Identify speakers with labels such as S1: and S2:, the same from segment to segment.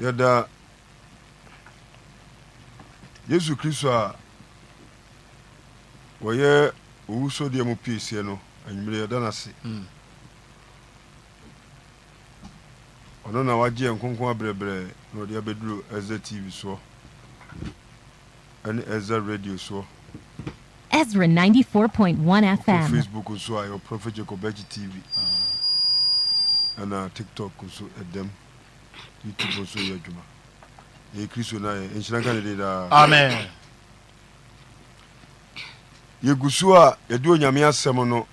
S1: yɛda yesu kristo a wɔyɛ owu mu piesie no anwummere yɛda no ase hmm. ɔno na wagye yɛn nkonko abrɛbrɛ na ɔde abɛduru ɛza tv soɔ ɛne ɛza radio soɔ
S2: FM. Facebook
S1: so a yɛ Prophet Jacob Tv. Ɛna TikTok so ɛdɛm nti bo yɛ adwuma ɛyɛ kristo no ayɛ nhyira nka ne de daa amen yɛgu so a yɛde onyame asɛm no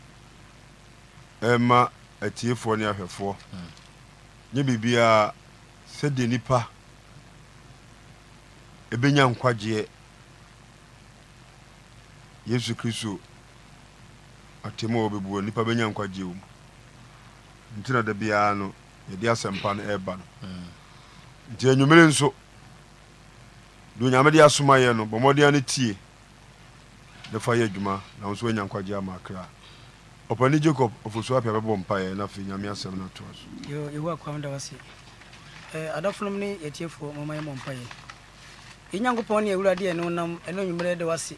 S1: ɛma atiefoɔ ne ahwɛfoɔ hmm. nyɛ biribiaa sɛdeɛ nipa ɛbɛnya nkwagyeɛ yesu kristo atemu a wɔbɛbua nipa bɛnya nkwagyeɛ wɔ mu nti na da biara no yɛde asɛmpa no ɛba no nti anwumere nso de onyame de asomayɛ no bɔmmɔdea no tie ne fa yɛ adwuma na wo nso wanya nkwagye ama kra ɔpani jacob ɔfosuo apia bɛbɔ mpaeɛ na afei nyame asɛm no atoa so
S2: yɛwu akwam da wase adafonom ne yɛtiefoɔ mɔma yɛmmɔ mpaeɛ yɛ nyankopɔn ne awurade ɛne wonam ɛne onwummerɛ de wase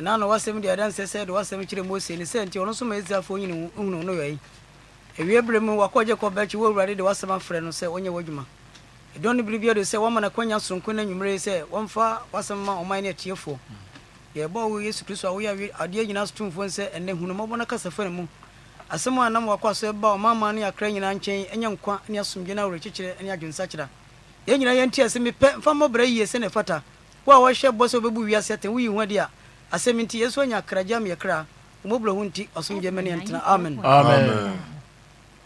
S2: ɛna na wasɛm deɛ adansɛ sɛ de wasɛm kyerɛ mose ne sɛ nti ɔno so ma israelfoɔ nyine hunu no yɛi awia berɛ mu wakɔgye kɔ bɛkyi wɔ awurade de wasɛm afrɛ no sɛ ɔnyɛ w'adwuma ɛdɔn no biribia de sɛ wɔma no kwanya soronko no anwummerɛ sɛ wɔmfa wasɛm ma ɔman no atiefoɔ yɛbɔ wo yesu kristo a woyɛ adeɛ nyinaa so tomfoɔ sɛ ɛnɛ hunumɔbɔ no kasafa no mu asɛm a nam wakɔ so ɛba ɔmama ne akra nyinaa nkyɛn ɛnyɛ nkwa ne asomdwe no awerɛkyekyerɛ ne adwensakyera yɛn nyinaa yɛnti asɛ mepɛ mfa mmɔbrɛ yie sɛ fata wo a wɔhyɛ bɔ sɛ wobɛbu wiase atɛn woyi ho adi a asɛm nti yɛso anya kragya meyɛ kra ho nti ɔsomgye mɛne ɛntena amen.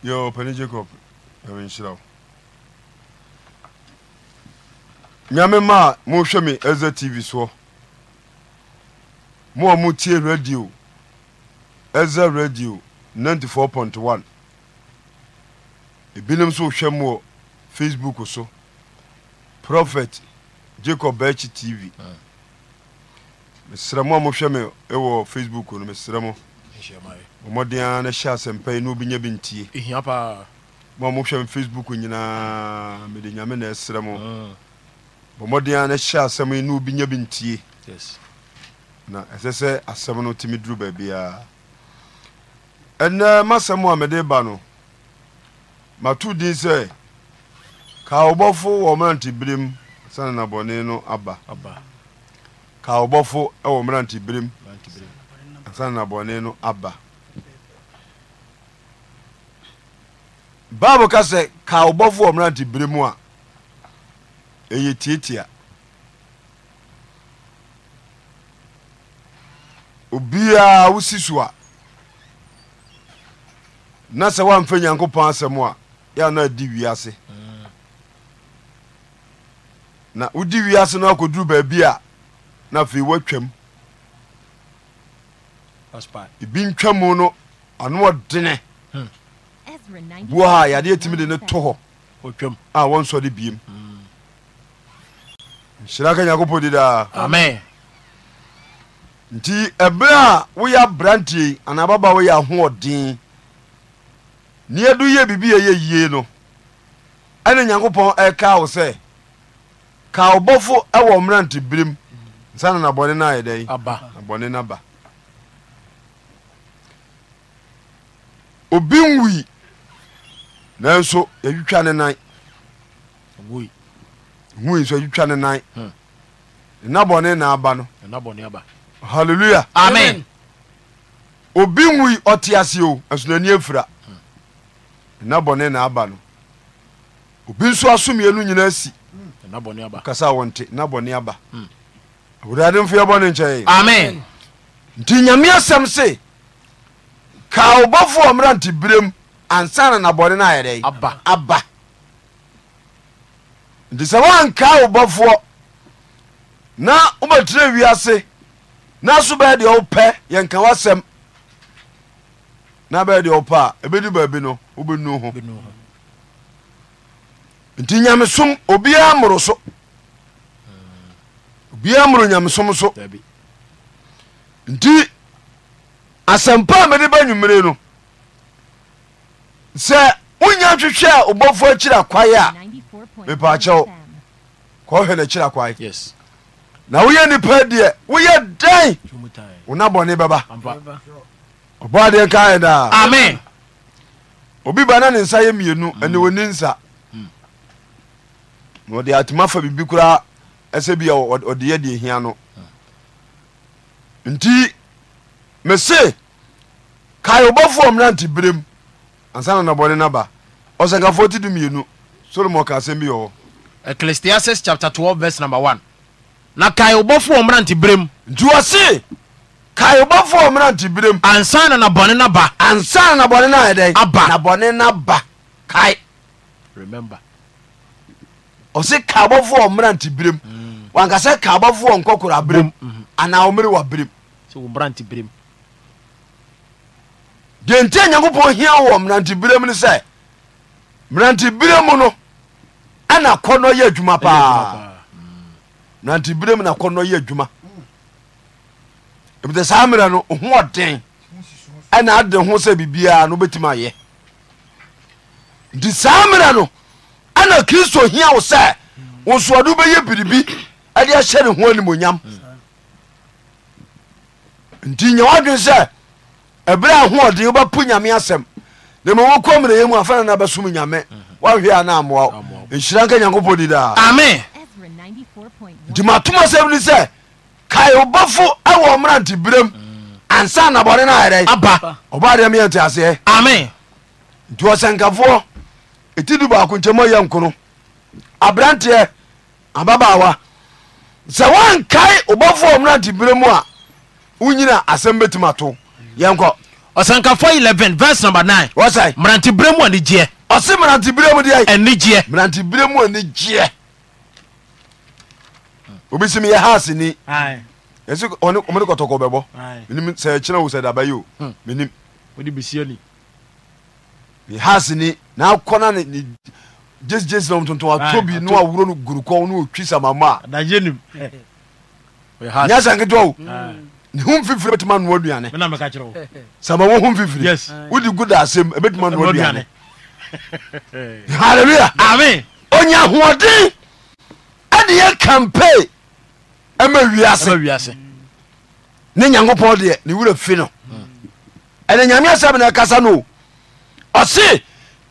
S1: Yo, Penny Jacob, ɛwɔ nhyira wo. Nyame ma a chame me TV só, Mo a radio, Ɛza radio 94.1. E nso hwɛ mo wɔ Facebook só. Prophet Jacob Batch TV. Ah. Mesrɛ mo a mohwɛ me ɛwɔ Facebook no, mesrɛ mo. ɔmmɔdena no hyɛ asɛmpa yi na obinya bi ntie ɛhia paa ma mohwɛ m facebook nyinaa mede nyame na ɛserɛ mo mm. bɔmmɔdena no hyɛ asɛm yi na obinya bi ntie na ɛsɛ sɛ asɛm no tumi duru baabiaa ɛnɛ masɛm a mede ba no mato din sɛ ka wobɔfo wɔ mmeranteberem sane nabɔne no aba ka wobɔfo wɔ mmeranteberem ansa na no aba bible ka sɛ ka wobɔfo wɔ mmerante bere mu a ɛyɛ tiatia obiaa wosi so a na sɛ woamfa nyankopɔn asɛm a yɛ na adi wiase na wodi wiase no akɔduru baabi a na afei woatwam ebi ntwa mu no ano ɔdene buo a yadeɛ tumi de ne to hɔ a wɔnsɔre biem hmm. nhyira ka nyankopɔn di daa nti ɛberɛ a woyɛ aberantie anaa baba woyɛ ahoɔden neɛdo yɛ biribi a ɛyɛ yie no ɛne nyankopɔn ɛka wo sɛ ka wobɔfo ɛwɔ mmerante berem nsa nabɔne no ayɛ dɛn nabɔne no ba obi nwui nanso yɛtwitwa ne nan hui nso yɛtwitwa ne nan hmm. nnabɔne na aba no halleluya amen obi nwui ɔte ase o asonani efura. Hmm. nnabɔne na aba no obi nso asomie no nyinaa si hmm. kasa wɔnte nnabɔne aba awurade mfo yɛbɔ ne nkyɛn amen nti nyame asɛm se ka wobɔfo wɔ mmerante berem ansa na nabɔne no ayɛ dɛ aba nti sɛ woankaa wobɔfoɔ na wobɛtira wiase na so bɛyɛ deɛ wopɛ yɛnka na bɛyɛ deɛ wopɛ a ɛbɛdi baabi no wobɛnu ho nti nyamesom obiara mmoro so obiara mmoro nyamesom so nti asɛmpa a mede ba nwummere no sɛ wonya hwehwɛ a wobɔfoɔ akyira kwae a mepaakyɛw kɔhwɛ no akyira kwae na woyɛ nipa deɛ woyɛ dɛn wona bɔne bɛba ɔbɔadeɛ kaɛ daa obi ba na ne nsa yɛ mmienu mm. ɛne wɔni nsa mm. na ɔde atoma fa biribi koraa ɛsɛ bi a ɔde yɛ deɛ hia no mm. nti mese kae wobɔfoɔ mmerante berem ansa na nabɔne no ba ɔsɛnkafoɔ ti dumienu solomon ka asɛm bi wɔ ecclesiastes chapter 12 verse number 1 na kae wobɔfoɔ mmerante berem nti wɔ se kae wobɔfoɔ mmerante berem ansa na nabɔne no ba ansa na nabɔne no ayɛdɛn aba nabɔne no ba kae remember ɔse ka bɔfoɔ mmerante berem wankasɛ ka bɔfoɔ nkɔkora berem mm. mm-hmm. anaa ɔmere wa berem deɛ nti nyankopɔn hia wɔ mmerantebere mu no sɛ mmerantebere mu no ana kɔnnɔ yɛ adwuma paa mm. mmerantebere mu na kɔnnɔ yɛ adwuma ebitɛ saa mmerɛ no ho ɔden ɛna ade ho sɛ biribiaa no wobɛtumi ayɛ nti saa mmerɛ no ana kristo hia wo sɛ wo soɔde wobɛyɛ biribi ɛde ahyɛ ne ho animonyam mm. nti nya wɔdwen sɛ ɛberɛ ahoɔden wobɛpo nyame asɛm na mawɔ kɔ mmerɛyɛ mu afa nana bɛsom nyame mhm. woahwɛ a na amoa wo nhyira nka nyankopɔn di daa ame nti matom asɛm ni sɛ kae wobɔfo awɔ mmerante berɛm mm. ansa nabɔne no ayɛdɛ aba ɔbaadeɛ meyɛ nte aseɛ ame nti ɔsɛnkafoɔ ɛti du baako nkyɛmɔ yɛ nkono aberanteɛ ababaawa sɛ woankae wobɔfo wɔ mmerante berɛ mu a wonyina asɛm bɛtumi ato yɛnkɔ ɔsankafo 11 vs nb 9 wɔsae mmeranteberɛ mu anegyeɛ ɔse mmerantebere mu deɛ anigyeɛ mmerantebere mu anigyeɛ obi si mi yɛ haase ni yɛsi ɔne ɔmo ne kɔtɔkɔ bɛbɔ menim sɛ ɛkyerɛ wo sɛ daba yi o hmm. menim ɔde besia ni mi haase ni na akɔ na ne ne gyesi gyesi na ɔmotontɔn ato bi no awuro no guru kɔn no otwi mama. a nyɛ sɛ o ho mfifiri bɛtumi anoa aduane sɛma wo ho mfifiri wode gu da asɛm ɛbɛtumi anoa aduane halleluya onya ahoɔden ɛde Adiye campaign ɛma wiase ne nyankopɔn deɛ ne wura fi no ɛne nyame asɛm na ɛkasa no ɔse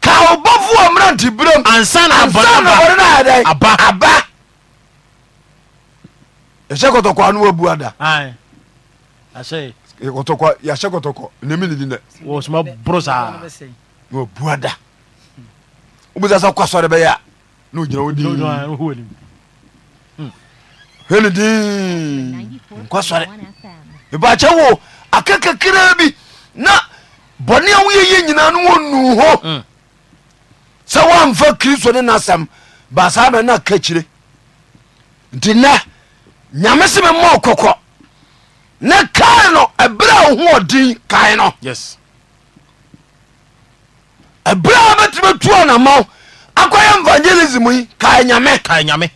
S1: ka ɔbɔfoɔ mmerante berɛm ansa na ɔde no ayɛdɛn aba ɛhyɛ kɔtɔkɔa no wabu ada kɔtɔkɔ yɛahyɛ kɔtɔkɔ nemi ne din dɛ wɔsoma boro saa
S2: na
S1: ɔbua da wobɛsa sɛ kɔ asɔre bɛyɛ a na no, wo din hwɛ ne din nkɔ sɔre mebakyɛ wo aka kakraa bi na bɔne a woyɛyɛ nyinaa no wɔnu hɔ hmm. sɛ woamfa kristo ne nasɛm baasaa bɛ na ka kyire nti nɛ nyame se memmɔɔ kɔkɔ ne kae no ɛberɛ wohoɔden kae no ɛberɛ a bɛtumi bɛtuanama akɔyɛ evangelism yi kae nyame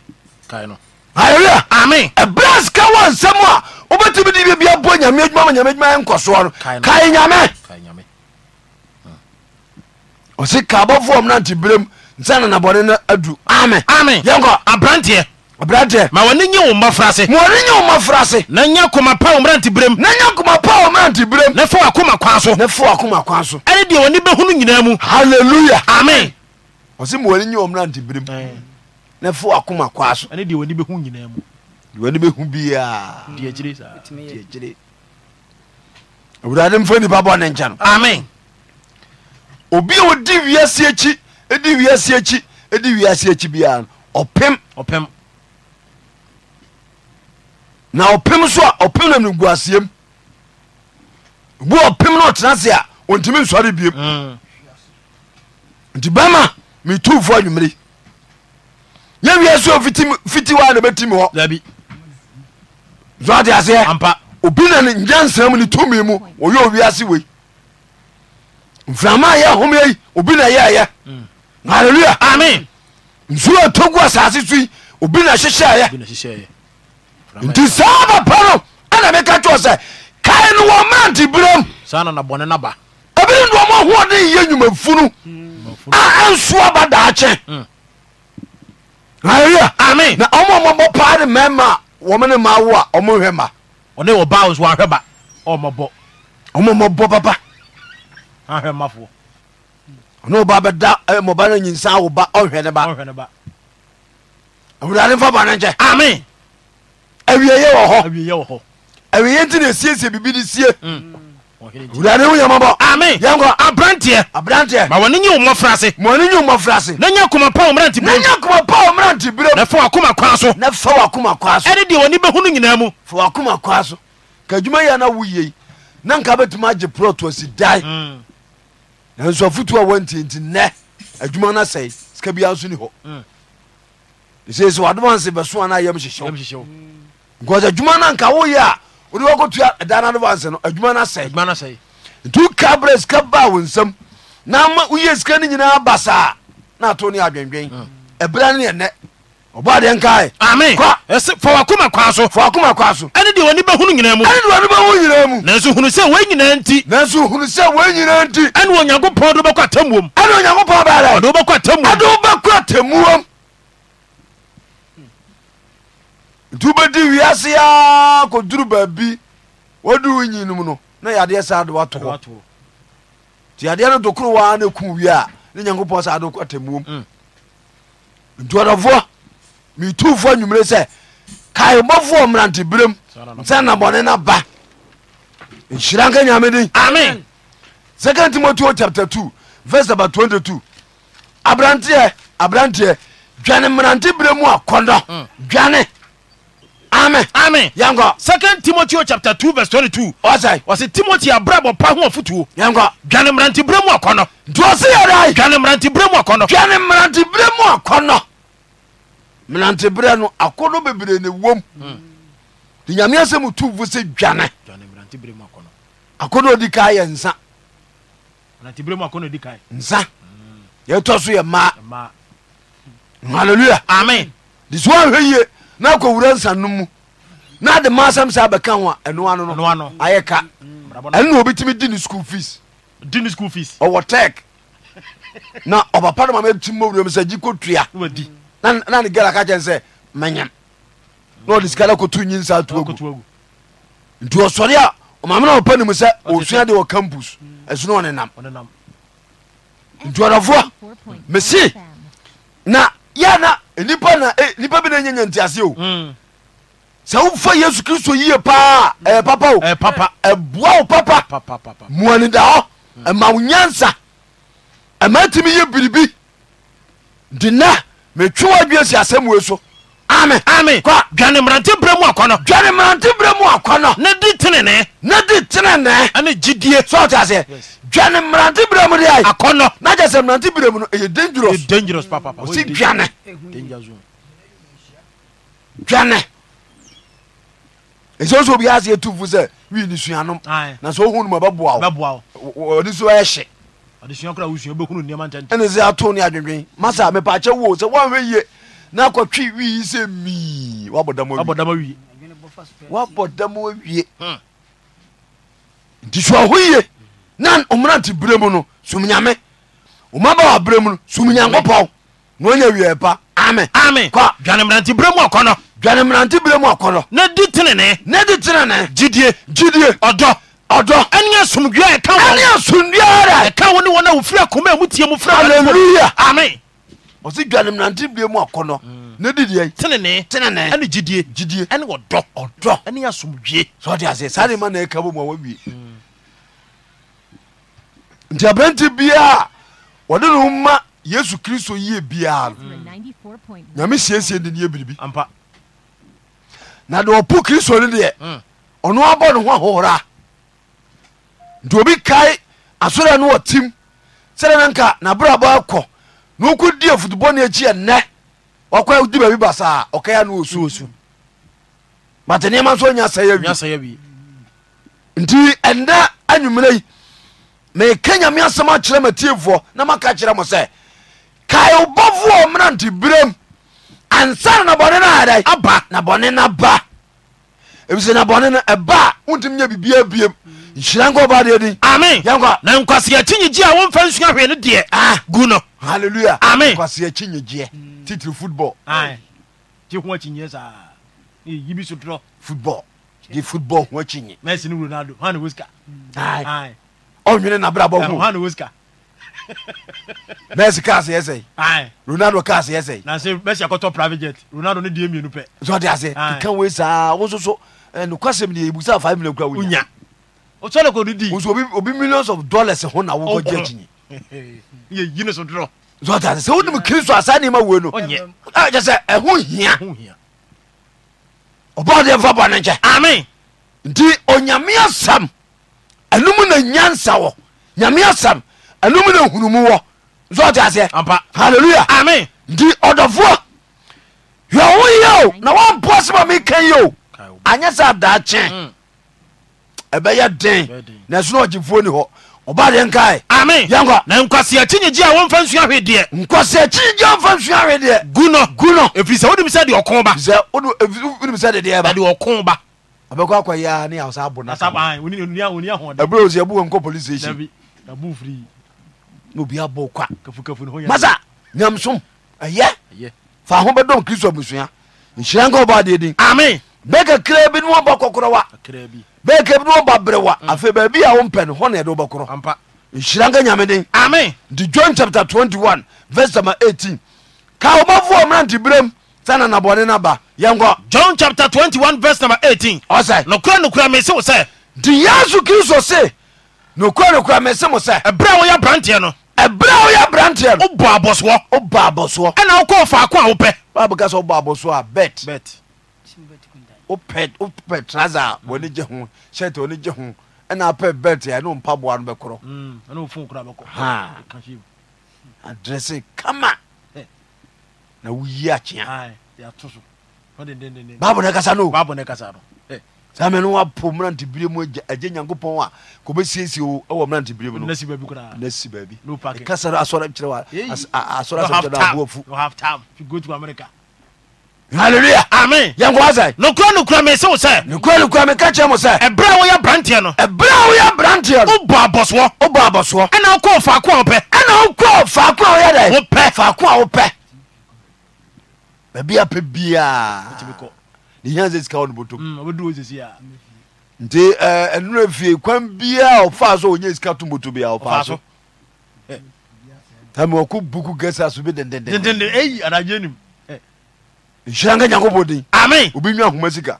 S1: alelua ame ɛberɛ sika wɔ nsɛm a wobɛtumi de biabia bɔ nyame adwuma ma nyame adwuma ɛnkɔ soɔ no kae nyame ɔsi ka abɔfoɔ mnante berem nsa nanabɔne no adu ame yɛnkɔ abranteɛ brɛtɛ ma wɔne nye wo mmɔfra se ma wɔne nye wo mmɔfra se na nya koma pa wo mmerante berem na nya koma pa wo mmerante berem na fa wakoma kwan so na fa wakoma kwan so ɛne deɛ wɔne bɛhunu nyinaa mu halleluya amen ɔse ma wɔne nye wo mmerante berem na fa wakoma kwan so ɛne deɛ wɔne bɛhu nyinaa mu deɛ wɔne bɛhu biaa diakyire saa diakyire awurade mfa nipa bɔ ne nkyɛ no amen obi a odi wiase akyi edi wiase akyi edi wiase akyi biara ɔpem ɔpem na ɔpem so a ɔpem nam no gu aseɛm bu ɔpem no ɔtena se a ɔntimi nsɔre biem nti bɛma metufoɔ anwumere yɛ wie so fiti wa na bɛtimi hɔ so ate aseɛ obi na ne nyansam ne tumi mu ɔyɛ owiase wei mframa a yɛ home yi obi na yɛɛyɛ mm. halleluya nsuo a togu asase so yi obi na hyehyɛɛyɛ nti saa bapa no ana meka kyɛw sɛ kae no wɔma nte biram ɛbine doɔma hoɔden yɛ nwumafunu a ɛnsoa ba daakye mm. aleluya na ɔmo ɔmɔbɔ paa de mɛma a wɔmo ne ma wo a ɔmo hwɛ ma ɔne ɔba nso ahwɛ ba ɔmɔbɔ ɔmo ɔmɔbɔ papa ahwɛ mafoɔ ɔne ɔba bɛda mɔba no nyinsa wo ba ɔhwɛ ne ba awurade mfa ba no nkyɛ amen awieyɛ wɔ hɔ awieyɛ nti na ɛsiesie biribi ne sie mm. wurade wo yɛmɔbɔ ame yɛnkɔ aberanteɛ aberanteɛ ma wɔne nye wo mmɔfra ase ma wɔne nye wo mmɔfra ase na nya akoma pa wo mmerante bere na nya akoma pa wo mmerante bere na fa wakoma kwa so na fa wakoma kwa so ɛne deɛ wɔne bɛhu no nyinaa mu fa wakoma kwa so ka adwuma yɛ na woyie yi na nka bɛtumi agye prɔto asi dae mm. nanso afotu a wɔntinti nnɛ adwuma no sɛe sika biara nso ni hɔ mm. ɛsɛ sɛ wadoma nse bɛsoa no ayɛm hyehyɛw because adwuma no nka woyɛ a wode wakɔtua ɛda no advance no adwuma no asɛe nti woka brɛ sika baa wo na ma woyɛ sika no nyinaa ba saa na ato ne adwendwen mm. ɛberɛ no yɛnɛ ɔbɔdeɛ nkae ame kwa so kwa so ɛne deɛ wɔne bɛhunu nyinaa mu ɛne deɛ wɔne bɛhunu nyinaa mu nanso hunu sɛ wɔn nti nanso hunu sɛ wɔn nyinaa nti ɛne de ɛne ɔde nti wobɛdi wiaseaa koduru baabi wode wo nyinom no na yadeɛ saa de wato hɔ nti yadeɛ no dokoro waa na ku wie a ne nyankopɔn saa de atamuom mm. nti ɔdɔfoɔ metufoɔ nwumere sɛ kaebɔfoɔ mmerante berem sɛ nabɔne no ba nhyira nka nyame den amen second timoteo chapter 2 verse number 22 abranteɛ abranteɛ dwane mmerante berɛ mu a kɔndɔ mm. dwane mm. Amen, Amen, Yango. Second Timothy, chapitre 2, verset 22. Ossa, Ossa, Timothy, abrabe, ou paumafutu, Yanga, Ganemanti, Brumwa, Connor. Tu as-y, Ganemanti, Brumwa, Connor, Ganemanti, Brumwa, Connor. Melantebrano, Akodo, Bibli, ni womb. Tu y as-tu vu, Ganemanti, akono. Connor. Akodo, Dikaï, en sa. Melanti, Brumwa, Connor, Dikaï, en sa. ma, ma. Maleur, Amen. Dis-moi, oui, na akɔwura nsa no mu na ade ma asɛm saa bɛka ho a ɛnoa no no ayɛ ka mm, ɛno na obɛtumi di ne school fees di ne school fees ɔwɔ tek na ɔpapa no mama tim mawuram sɛ gyi kɔtua na ne gala ka kyɛn sɛ menyam na ɔde sika no akɔto nyi nsa to agu nti ɔsɔre a ɔmame no ɔpa nim sɛ ɔsua de wɔ campus ɛso no ɔne nam nti ɔdɔfoɔ mese na yɛ na Eh, nipa na eh, nipa bi na nyanya ntiase o mm. sɛ wofa yesu kristo yie paa ɛyɛ eh, papa o papa ɛboa wo papa muani da hɔ ɛma mm. wo nyansa ɛma timi yɛ biribi nti nɛ metwe w'adwua si asɛm wei so ame ame kɔ dwane mmerante berɛ mu akɔnɔ dwane mmerante berɛ mu akɔnɔ ne di tenene ne di tenene ɛne gyidie sɛ ɔte aseɛ dwane mmerante berɛ mu deɛ akɔnɔ na kyɛ sɛ mmerante berɛ mu no ɛyɛ dangerous dangerous papa osi dwane dwane ɛsɛ sɛ obiaa sɛ yɛtu ni sɛ wii ne suanom na sɛ wohu nom ɛbɛboa wo ɔde so ɛyɛ hye ɛne sɛ ato ne adwendwen masa mepaakyɛ woo sɛ woanhwɛ yie na akɔtwe wii sɛ mii wabɔ dam awie wabɔ dam awie hmm. nti so aho yie na ɔmmerante berɛ mu no som nyame ɔma ba wa berɛ mu no som na ɔnya wie pa ame ame kɔ dwane mmerante berɛ mu ɔkɔnɔ dwane mmerante berɛ mu ɔkɔnɔ na di tenene na di tenene gyidie gyidie ɔdɔ ɔdɔ ɛne asomdua ɛka ɛne asomdua ɛka wo ne wɔn a wofiri akoma a mutie mu frɛ aleluya ame ɔsi dwanem nante bie mu akɔ no mm. ne didiɛ tenene tenene ɛne gyidie gyidie ɛne ɔdɔ ɔdɔ ɛne asomdwie sɛ ɔde ase saa de ma na ɛka bɔ mu a wawie mm. nti aberante biaa wɔde ne ho ma yesu kristo yie biaa no mm. nyame siesie de ne yɛ na de ɔpo kristo no deɛ ɔno abɔ ne ho ahohora nti obi kae asɔre no wɔ tim sɛdɛ nanka nka nabrabɔ akɔ na wokɔ di afutubɔne akyi ɛnɛ ɔkɔ wodi baabi ba saa ɔkɛya no ɔsuosu but nneɛma nso nya sɛ yɛ bi nti ɛnɛ anwummerɛ yi meka nyame asɛm akyerɛ matiefoɔ na maka kyerɛ mo sɛ kae wobɔfoɔ mmerante berɛm ansa na nabɔne no adɛ aba nabɔne no ba ebisɛ nabɔne no ɛba a wontimi nya bibia nhyira nkɔ ɔba deɛ din ame yɛnkɔ na nkwaseakyi nyegyeɛ a wɔmfa nsua hwee no deɛ ah. Ah, gu no halleluya ame nkwaseakyi nyegyeɛ titiri football gye ho akyinyɛ saa yi bi so dorɔ football gye football ho akyinye messi ne ronaldo hane woska ɔnwene nabrabɔ ho hane woska messi kaa sɛ yɛsɛi ronaldo kaa sɛ yɛsɛi nasɛ messi akɔtɔ private jet ronaldo ne deɛ mmienu pɛ sɛ ɔde aseɛ keka wei saa wo nso so nokwasɛm ne yɛbusa 5 million kura wonya osɔle kò ní di. nso obi millions of dollars ho na awokɔ jɛ jinyi. iye yi ni so dɔrɔ. zɔta sɛ o nimu kiri so asa ni ma wo no. ɔnyɛ. ɛ jɛsɛ ɛho hiya. ɔbaa de nfa bɔ ne nkyɛn. ami. nti onyamia sam ɛnum na nyansa wɔ nyamia sam ɛnum na hunumu wɔ zɔta sɛ. ampa hallelujah. ami. nti ɔdɔfoɔ yɛ wo o na wɔn mpɔ sɛ ma mi kɛn yɛ o anyɛ sɛ adaa kyɛn. Mm ɛbɛyɛ den nasono ɔgyefuo ni hɔ ɔba deɛ nkae ame yɛnkɔ na nkwasea kyinyegye a wɔmfa nsua hwe deɛ nkwasea kyinyegye a wɔmfa nsua hwe deɛ gu no gu no ɛfiri sɛ wonim sɛ deɛ ɔko ba o wonim sɛ dedeɛ ba deɛ ɔko ba abɛkɔ akɔ yɛa ne yɛwo saa bo naɛberɛ ɔsi abu wɔnkɔ police station na obi abɔ kwa masa nyamsom ɛyɛ fa ho bɛdɔm kristo abusua nhyira nka ɔbaa deɛ din ame bɛkakra bi ne wɔbɔ kɔkorɔ wa bɛɛ kɛ bi wɔba berewa mm. afei baabi a wompɛ no hɔ ne yɛde wobɛkorɔ nhyira nka nyameden amen nti john chapter 21 verse number 18 ka wobɛfoɔ mmerante berɛm sana nabɔne no ba yɛnkɔ john chapter 21 verse number 18 ɔsɛ nokora nokora mese wo sɛ nti yesu kristo se nokora nokora mese mo sɛ ɛberɛ a woyɛ aberanteɛ no ɛberɛ a woyɛ aberanteɛ no wobɔ abɔsoɔ wobɔ abɔsoɔ ɛna wokɔɔ faako a wopɛ bible ka sɛ wobɔ abɔsoɔ a bet bet wopɛ wopɛ trouser wɔne gye ho shirt wɔne gye ho ɛna apɛ belt a ɛne mpaboa no bɛkorɔ mm, ɛne kama na woyi akyea babo ne wapo mmerante bire mu agye nyankopɔn a kɔbɛsiesie o ɛwɔ mmerante bire mu no asɔre kyerɛ asɔre asɔre kyerɛ hallelujah amen yɛn kò wá sɛ. nukura nukura mi sɛw sɛ. nukura nukura mi kɛkyɛ mo sɛ. ɛbɛrɛ wo yɛ branteɛ no. ɛbɛrɛ wo yɛ branteɛ no. o bɔ abɔsoɔ. o bɔ abɔsoɔ. ɛna okɔ faako a wopɛ. ɛna okɔ faako a woyɛ dɛ. wopɛ faako a wopɛ. bɛbi apɛ biaa. ne yan sɛ sika wɔ ne bɔtɔm. ɔbɛ mm, duro sisi ya. nti ɛɛ eh, ɛnura fie kwan biaa ɔfa so onye sika tun bɔtɔ bi a ɔfa so. tami ɔkò buku gɛsɛ aso bi dɛndɛndɛn. dɛndɛndɛn eyi adadze nim nhyira nka nyankopɔn din ami obi nwa ahoma sika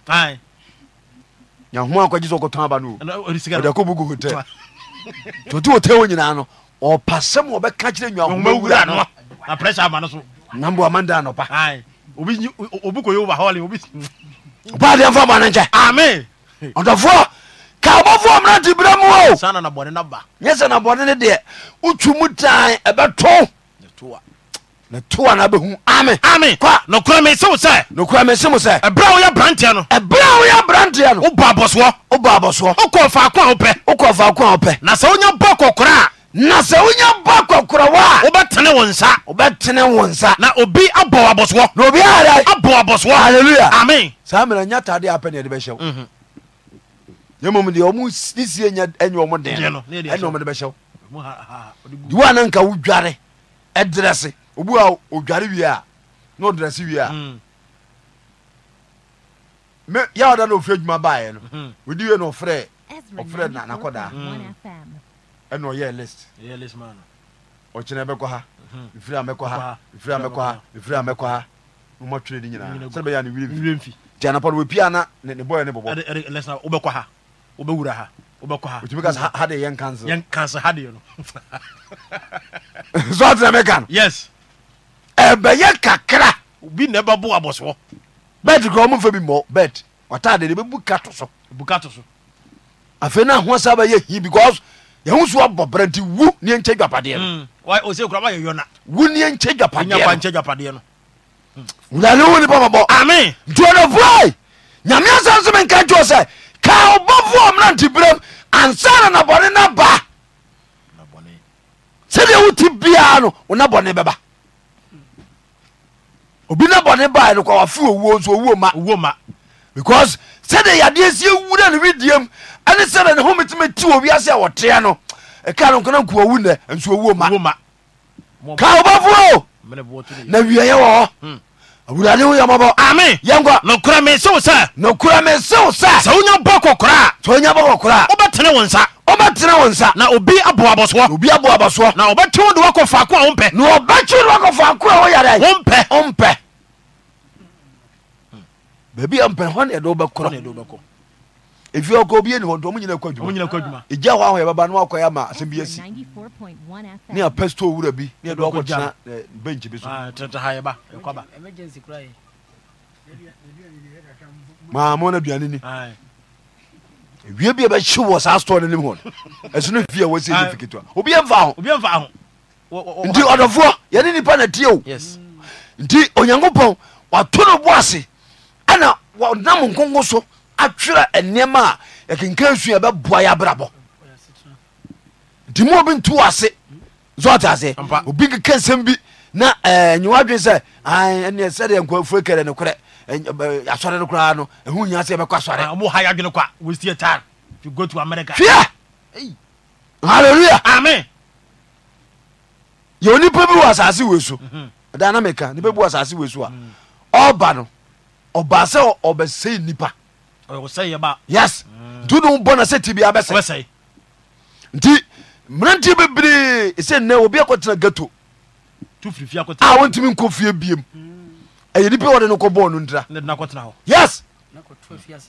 S1: nyahoma akɔgye sɛ ɔkɔtɔn aba no ɔde nti ɔte hotel wɔ nyinaa no ɔpa sɛm ɔbɛka kyerɛ nwahoma wura no nambo amanda anɔpa obi mfa bɔne nkyɛ ami ɔdɔfoɔ ka ɔbɔfoɔ mmerante berɛ mu o nyɛ sɛ na ne deɛ wotwu mu tan ɛbɛto nokora mesewo sɛ ɛberɛ woyɛ branteɛ no wobɔ abɔsoɔ wokɔ faako a wopɛ na sɛ wonya bɔ kɔkora a na sɛ wonya bɔ O a wobɛtene wo nsa wobɛtene wo nsa na obi abɔ abɔsoɔ na obi ara abɔ abɔsoɔ hallelujah amen saa mmerɛ nya taade apɛ ne yɛde bɛhyɛ wo mhm. na mmom deɛ ɔmo ne sie nya ɛnyɛ ɔmo den no ɛne ɔmo de bɛhyɛ wo diwa na nka wodware obi a odware wie a na ɔdrɛse wie a yà ọ̀dà náà òfin adwuma báyẹn no òdi wíyẹn náà ọ̀frẹ̀ ọ̀frẹ̀ nàkọ́dà ẹnna ọ̀yẹ́ list ọ̀kyinà ẹ̀bẹ̀kọ́ ha ìfiri hmm. àmẹ́kọ́ ha ìfiri àmẹ́kọ́ ha ìfiri àmẹ́kọ́ ha ní twere ni nyinaa sẹ́ni bẹ́ẹ̀ yà ni wíwí nfi tí a nàpọ̀ wọ́n pia na ne bọ́ọ̀ yẹn ne bọ̀bọ̀. lẹ́sìn ha ọbẹ̀wura ha ọbẹ̀kọ́ ha. òtún bí kasa ha de yẹn kansa. yẹn kansa ha de yẹn no. zọ́ọ̀tì náà mẹ́ka. yes ɛbɛyɛ kakra obi na ɛbɛbo abɔsoɔ bet kora ɔmo mfa bi mmɔ bet ɔtaade de bɛbu ka to so buka to so afei na ahoa sa bɛyɛ hi because yɛho so abɔ brɛ nti wu ne ɛnkyɛ dwapadeɛ no ɔsɛ hmm, kura wayɛ yɔna wu ne ɛnkyɛ onyapa dwapadeɛ nkyɛ dwapadeɛ no no hmm. nyane wo nipa mabɔ ame ntuɔdɔfoɔ nyame asɛm so menka kyɛw sɛ ka ɔbɔfoɔ mmerante berɛm ansa na nabɔne no ba sɛdeɛ wote biaa no wo nabɔne bɛba obi ne bɔne ba no kwawafe owuo nso owuo ma owuo ma because sɛde yadeɛ sie wura ne widiam ɛne sɛde ne hometumi ti wɔ wiase a wɔteɛ no ɛka no nkona nkuwawu nɛ nso owuo ma ka wobɛfoɔ na wieɛ wɔ hɔ hmm. awurade wo yɛmɔbɔ ame yɛnkɔ nokora mesew sɛ nokora mesew sɛ sɛ wonya bɔ kɔkoraa sɛ wonya bɔ kɔkoraa wobɛtene wo nsa ɔbɛtena wo nsa na obi aboabɔsoɔ obi aboabɔsoɔ na ɔbɛtewo de wakɔ faako a wompɛ na ɔbɛkye no wakɔ faako a woyare wompɛ wompɛ baabi a mpɛ hɔ ne ɛde wobɛkorɔ ɛfie ɔkɔ obi ɛni hɔ nti ɔmo nyina kɔ adwuma ɛgya hɔ ahɔ yɛbɛba no wakɔyɛ ama asɛm bi asi ne apɛ sto wura bi ne ɛde wakɔtena eh, bench bi so ah, maamo no aduane ni wie bia bɛhye wɔ saa store no nim hɔ no ɛsono fie a wɔsɛ sɛ fikitoa obi mfa ho nti ɔdɔfoɔ yɛne nipa na tie o nti onyankopɔn wato no bo ase ana wɔnam nkonko so atwerɛ nneɛma a yɛkenka sua bɛboa yɛ abrabɔ nti mu obi nto ase so ɔte ase obi keka nsɛm bi na eh, nyiwa dwe sɛ ɛneɛ sɛdeɛ nkuafuo kɛrɛ no korɛ asɔre no koraa no ɛho nya sɛ yɛbɛkɔ asɔre ɔmo ha yɛ adwene kɔ a wɔsie tar if you go to america hwɛ halleluya amen yɛ onipa bi wɔ asase wɔ so ɛda mhm. na meka nipa bi wɔ asase wɔ so a mhm. ɔba no ɔba sɛ ɔbɛsɛe nipa yes mhm. nti wone wobɔ na sɛ ti bia bɛsɛ nti mmerantiɛ bebree sɛ nnɛ obi akɔtena gato a ah, wontimi nkɔ fie biem ɛyɛ nipa wɔde no kɔbɔɔ no ndira yes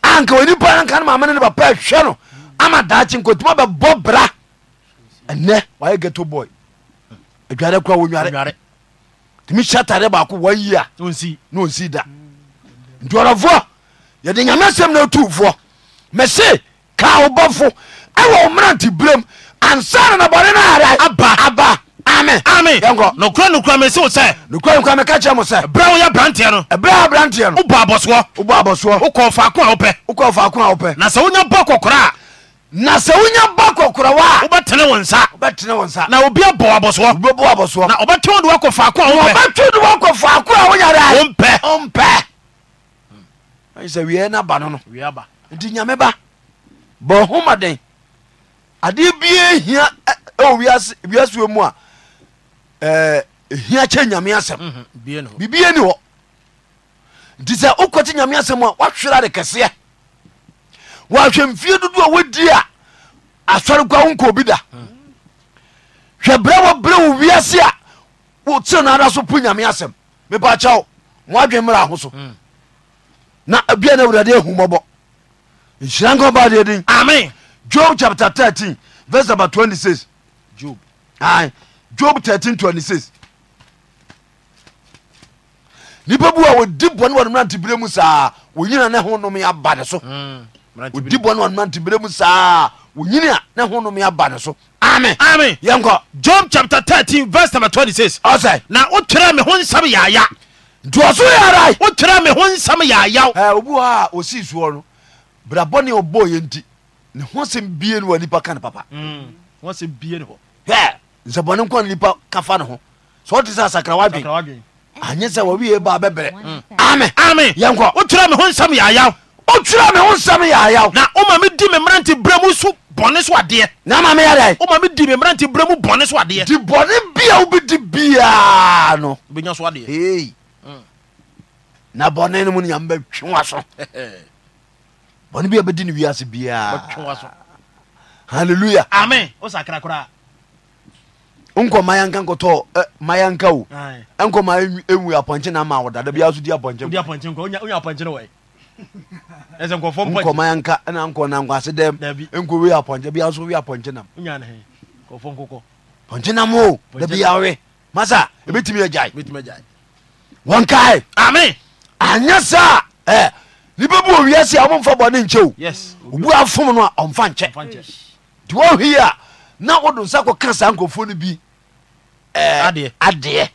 S1: anka onipa anka no mamene no bapa hwɛ no ama daakye nkotuma bɛbɔ bra ɛnɛ wayɛ ghetto boy adware kora wɔnware tumi hyɛ tare baako wayi a na ɔnsi da ntuɔrɔfoɔ yɛde nyame asɛm na atufoɔ mɛse ka wobɔfo ɛwɔ wo mmerante berɛm ansa na nabɔne no ara aba ame ame yɛnkɔ nokura nokura mi si o sɛ nokura nokura mi ka kyerɛ mo sɛ ɛbrɛ wo yɛ aberanteɛ no ɛbrɛ aberanteɛ no wobɔ abɔsoɔ wobɔ abɔsoɔ wokɔ faako a wopɛ wokɔ faako a wopɛ na sɛ wonya bɔ kɔkora a na sɛ wonya bɔ kɔkora wa a wobɛtene wo nsa wobɛtene wo nsa na obi abɔ abɔsoɔ obi abɔ abɔsoɔ na ɔbɛtwe wo de wakɔ faako a duwa ɔbɛtwe de wakɔ faako a wonya dɛ wompɛ wompɛ sɛ wiɛ no ba no no nti nyame ba bɔ ho maden adeɛ bia hia ɛwɔ wiase mu Eh, hia kyɛ nyame asɛm mhm, bibie ni hɔ nti sɛ wokɔte nyame asɛm a woahwerɛ de kɛseɛ wɔahwɛ mfie dodo a wodi a asɔre kwa wo nkɔbi da mhm. hwɛ berɛ wɔ berɛ wo wiase a wotere no so po nyame asɛm mepa kyɛwo moadwen mmra ho so mhm. na abia no awurade ahumɔbɔ nhyira nka ɔbadeɛ din amen job chapter 13 verse number 26 job 1326 nipa bu a wodi bɔne wɔ nomranteberɛ mu saa wɔnyina ne ho honom aba ne so mm, wɔdi bɔne wɔ nomranteberɛ mu saa wɔnyini a ne honom aba ne so amen amen yɛnkɔ job chapter 13 verse number 26 ɔsɛ na wotwerɛ me ho nsɛm yaaya nti ɔso yɛara wotwerɛ me ho nsɛm yaayaw obi hɔ a ɔsii soɔ no brabɔne a ɔbɔɔ yɛ nti ne ho sɛm bie ne wɔ nipa ka ne papa mm, hwɛ sɛ bɔne nkɔ nipa kafa ne ho sɛ wote sɛ asakrawa dwen anyɛ sɛ wɔwie ba bɛbrɛ ame ame yɛnkɔ wotwerɛ me ho nsɛm yɛayaw wotwerɛ me ho nsɛm yɛayaw na woma medi me mmerante berɛ mu so bɔne so adeɛ na ma meyɛdɛ woma medi me mmerante berɛ mu bɔne so adeɛ nti bɔne bia wobɛdi biaa no wobɛnya so adeɛ mm. na bɔne no mu no nyame bɛtwewa so bɔne bia bɛdi ne wiase biaa halleluya amen wo sakra koraa nkɔ mayanka nkɔtɔ ɛ eh, mayanka o nkɔ ma ewu apɔnkye na ma awɔ dada bi aso di apɔnkye mu. di apɔnkye nkɔ onye apɔnkye na wɔyɛ. ɛsɛ nkɔ fɔ mpɔnkye. nkɔ mayanka ɛna nkɔ na nkɔ ase dɛm nkɔ wi apɔnkye bi aso wi apɔnkye nam. onye anahe nkɔ fɔ nkɔkɔ. pɔnkye nam o dabi awe masa ebitumi e agyae. ebitumi agyae. wɔn kae. ami. anya saa ɛ eh, nipa bi wɔ wiase a wɔn mfa bɔ ne nkyɛn o. yes. obu afom no a ɔmfa nkyɛn. nti wɔn hwi a na wɔdo nsa kɔ kan saa nkɔfoɔ no bi Eh, adeɛ